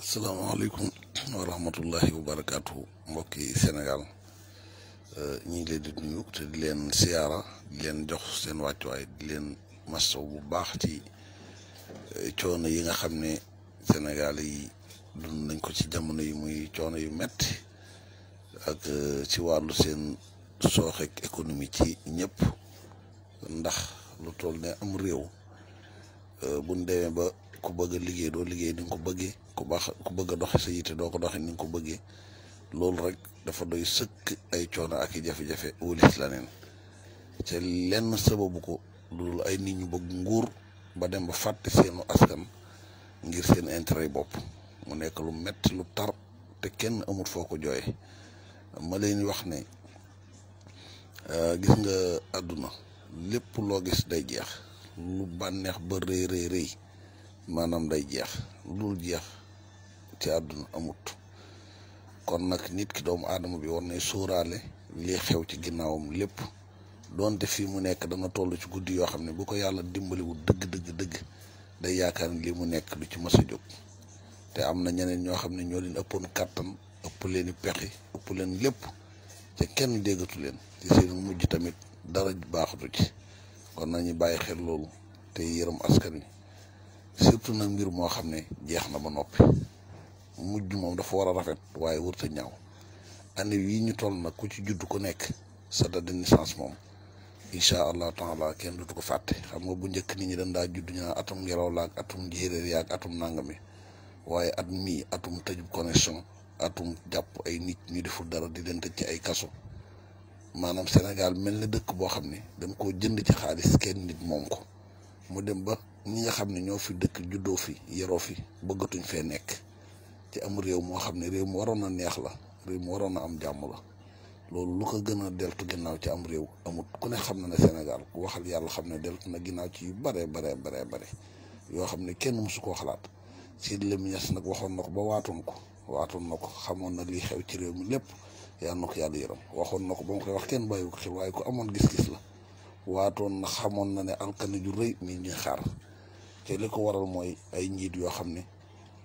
asalaamaaleykum wa rahmatullahi wa barakaatu mbokki Sénégal euh, ñi ngi leen di nuyu te di leen siyaara leen jox seen wàccuwaay di leen masto bu baax ci euh, coono yi nga xam ne Sénégal yi dund nañ ko ci jamono yi muy coono yu metti ak euh, ci wàllu seen sooxeeg économie ci ñëpp ndax lu toll ne am réew buñ demee ba. ku bëgg liggéey do liggéey ni ko bëggé ku bax ku bëgg dox sa yité do ko dox ni ko bëggé lool rek dafa doy sëkk ay coono ak jafé jafe wulis lanen la lenn sababu ko lool ay nit ñu bëgg nguur ba dem ba fàtte seenu askan ngir seen intérêt bop mu nekk lu metti lu tar te kenn amul foko joy ma leen wax ne euh, gis nga aduna lepp lo gis day jeex lu banex ba reey reey reey maanaam day jeex lu dul jeex ci àdduna amut kon nag nit ki doomu aadama bi war nay sooraale lii xew ci ginnaawam lépp doonte fii mu nekk dana toll ci guddi yoo xam ne boo ko yàlla dimbaliwul dëgg dëgg dëgg day yaakaar ni lii mu nekk du ci mës a jóg te am na ñeneen ñoo xam ne ñoo leen ëppoon kàttan ëpp leen i pexi ëpp leen lépp te kenn déggatu leen ci seen mujj tamit dara baaxatu ci kon nañu bàyyi xel loolu te yërëm askan wi surtout nag mbir moo xam ne jeex na ba noppi mujj moom dafa war a rafet waaye wërta ñaaw année yii ñu toll nag ku ci judd ko nekk sa date de naissance moom incha allah taala kenn dootu ko fàtte xam nga bu njëkk nit ñi dañ daa judd ñu atum ngelaw la atum njéeréer ya ak atum nangami waaye at mii atum tëjub connexion atum jàpp ay nit ñu deful dara di leen tëj ci ay kaso maanaam Sénégal mel na dëkk boo xam ne dañ koo jënd ci xaalis kenn nit moom ko mu dem ba. ñi nga xam ne ñoo fi dëkk juddoo fi yeroo fi bëggatuñ fee nekk ci am réew moo xam ne réew mu waroon a neex la réew mu waroon a am jàmm la loolu lu ko gën a deltu ginnaaw ci am réew amut ku ne xam na ne senegal ku waxal yàlla xam ne deltu na ginnaaw ci yu bare bare bare bare yoo xam ne kenn mësu koo xalaat si Lamine nag waxoon na ko ba waatoon ko waatoon na ko xamoon na lii xew ci réew mi lépp yàlla na ko yàlla yërëm waxoon na ko ba mu koy wax kenn bàyyi ko xel waaye amoon gis la waatoon na xamoon na ne alkane ju rëy mi ñuy xaar te li ko waral mooy ay njiit yoo xam ne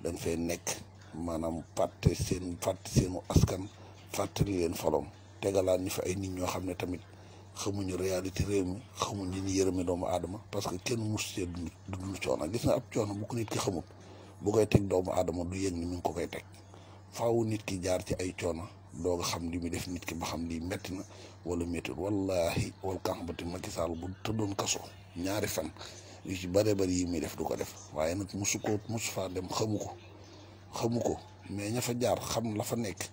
dañ fee nekk maanaam fàtte seen fàtte seenu askan fàttali leen faloom tegalaat ñu fi ay nit ñoo xam ne tamit xamuñu réalité réew mi xamuñu ni yërëmi doomu aadama parce que kenn mus see dund coono gis nga ab coono bu ko nit ki xamul bu koy teg doomu aadama du yëg ni mi ngi ko koy teg faaw nit ki jaar ci ay coono doog a xam ni muy def nit ki ba xam lii metti na wala méttiwul wallaahi wal kàmbati Macky Sall bu tëddoon kaso ñaari fan. yu ci bëree bëri yi muy def du ko def waaye nag mosu ko mosu faa dem xamu ko xamu ko mais ña fa jaar xam la fa nekk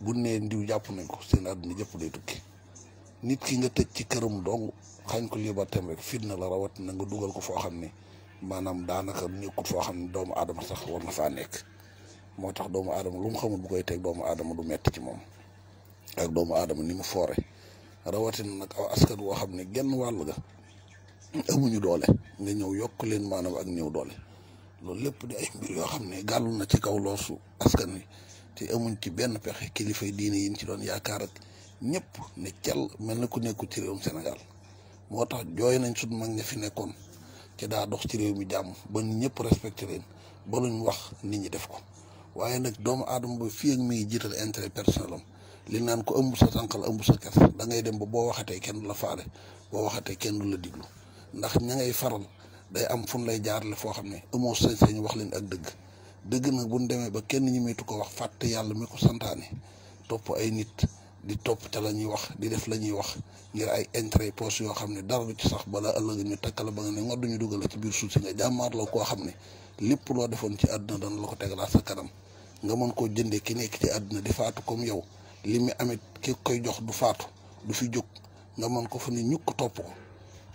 bu nee ndiw jàpp nañ ko seen àdduna jëpp day tukki nit ki nga tëj ci këram dong xañ ko liberté rek fitna la rawat na nga dugal ko foo xam ne maanaam daanaka nekkut foo xam ne doomu aadama sax war na faa nekk moo tax doomu aadama lu mu xamul bu koy teg doomu aadama du metti ci moom ak doomu aadama ni mu foore rawatina nag aw askan woo xam ne genn wàll ga amuñu doole nga ñëw yokk leen maanam ak ñëw doole loolu lépp di ay mbir yoo xam ne gàllu na ci kaw su askan wi te amuñ ci benn pexe kilifay diine yi ñu ci doon yaakaar ak ñëpp ne cel mel na ku nekku ci réewum Sénégal moo tax jooy nañ sut mag ña fi nekkoon ci daa dox ci réew mi jàmm ba ñëpp respecté leen ba luñ wax nit ñi def ko waaye nag doomu aadama ba fii ak mi ngi jiital intérêt personnel am li naan ko ëmb sa sànqal ëmb sa kers da ngay dem ba boo waxatee kenn la faale boo waxatee kenn du la diglu ndax ña ngay faral day am fun lay jaarale foo xam ne amoo sañ-sañ wax leen ak dëgg dëgg nag bu ñu demee ba kenn ñi meetu ko wax fàtte yàlla mi ko santaane topp ay nit di topp ca la ñuy wax di def la ñuy wax ngir ay intérêt poste yoo xam ne dara du ci sax balaa ëllëg ñu takkal ba nga ne ñu duñu dugal ci biir suuf si nga jàmmaar la koo xam ne lépp loo defoon ci àdduna dana la ko tegalaa sa kanam nga mën koo jëndee ki nekk ci àdduna di faatu comme yow li mu amit ki koy jox du faatu du fi jóg nga mën ko fa ne ñukk topp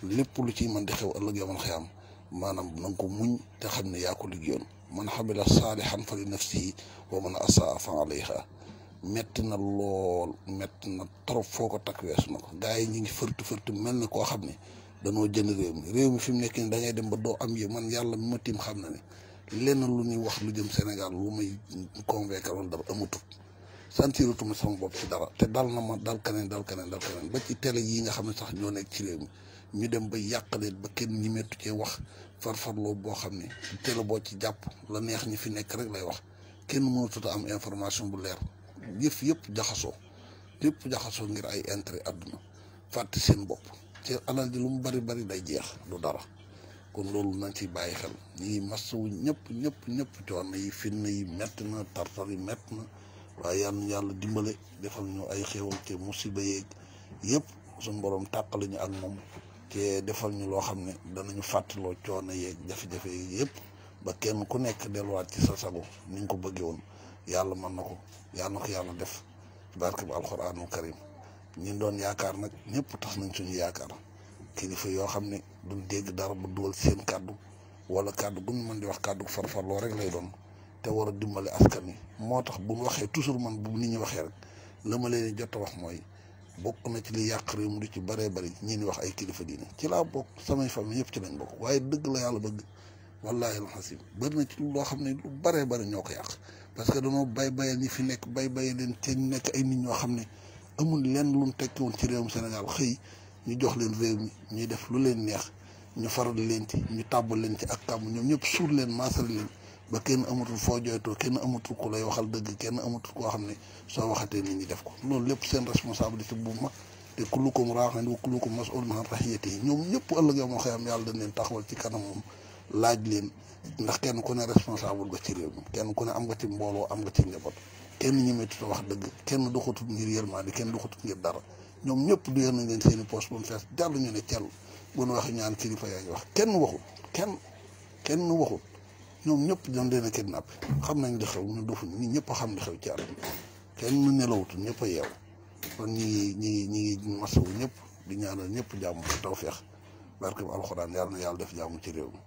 lépp lu ciy mën di xew ëllëg yomal xiyaam maanaam na nga ko muñ te xam ne yaa ko liggéeyoon man xamila saalihan fa li nafsihi wa man asaa fa alayha metti na lool metti na trop foo ko takk weesu na ko gars yi ñu ngi fërtu fërtu mel ni koo xam ne danoo jënd réew mi fi mu nekk nii dem ba doo am yi man yàlla mi ma tiim xam na ne lenn lu ñuy wax lu jëm Sénégal lu may convaincre wala dara amatut ma sama bopp ci dara te dal na ma dal keneen dal keneen dal ba ci télé yi nga xam ne sax ñoo nekk ci réew mi ñu dem ba yàq leen ba kenn ñi mettu cee wax farfarloo boo xam ne la boo ci jàpp la neex ñi fi nekk rek lay wax kenn mënatut am information bu leer yëf yëpp jaxasoo lépp jaxasoo ngir ay intérêt àdduna fàtte seen bopp ci anal di lu mu bari bari day jeex du dara kon loolu nañ ci bàyyi xel ñi ngi masawu ñëpp ñëpp ñëpp coono yi finn yi mett na tartar yi mett na waaye yàlla yàlla dimbale defal ñu ay xéewal te musiba yeeg yëpp sun borom tàqali ñu ak moom te defal ñu loo xam ne danañu fàttaloo coono yeeg jafe-jafe yi yëpp ba kenn ku nekk delluwaat ci sa sago ni ko bëggee woon yàlla mën na ko yàlla na ko yàlla def ci barke bu alxuraanul karim ñi doon yaakaar nag ñëpp tax nañ suñu yaakaar kilifa yoo xam ne du dégg dara bu dugal seen kàddu wala kàddu gu ñu mën di wax kàddu farfarloo rek lay doon te war a dimbale askan wi moo tax bu ñu waxee toujours man bu nit ñi waxee rek la ma leen jot a wax mooy. بوك ما تلي يقري مولي تي باري باري نيني واخ اي كليفه دينا تي لا بوك سامي فامي ييب تي لا بوك واي دغ لا يالا بغ والله الحسيب برنا تي لو خامني لو باري باري نيو خياخ باسكو دو نو باي باي ني في نيك باي باي لين تي نيك اي نيت ньо خامني امول لين لوم تيكي وون تي ريوم سنغال خي ني جوخ لين ريو مي ني ديف لو لين نيه ني فارد لين تي ني تابو لين تي اكام نيوم نيب سور لين ماسر لين ba kenn amatul foo jooytoo kenn amatul ku lay waxal dëgg kenn amatul koo xam ne soo waxatee nit ñi def ko loolu lépp seen responsabilité bu mag te kullukum raaxin wa kullukum mas'uulun an ra'iyyatihi ñoom ñëpp ëllëg yoo moo xam yàlla dañ leen taxawal ci kanamam laaj leen ndax kenn ku ne responsable nga ci réew mi kenn ku ne am nga ci mbooloo am nga ci njaboot kenn ñemetut a wax dëgg kenn doxatut ngir yërmaande kenn doxatut ngir dara ñoom ñëpp du yor nañ leen seen i poste ba mu fees jàll ñu ne cell bu nu waxee ñaan kilifa yaa ngi wax kenn waxut kenn kenn waxut ñoom ñëpp dañ leen a kidnappé xam nañ li xew ñu dofuñ ñu ñëpp a xam li xew ci àdduna kenn mu nelawutul ñëpp a yeew kon ñi ñi ñi ngi masawu ñëpp di ñaanal ñëpp jàmm tawfeex barke bu alxuraan yàlla na yàlla def jàmm ci réew mi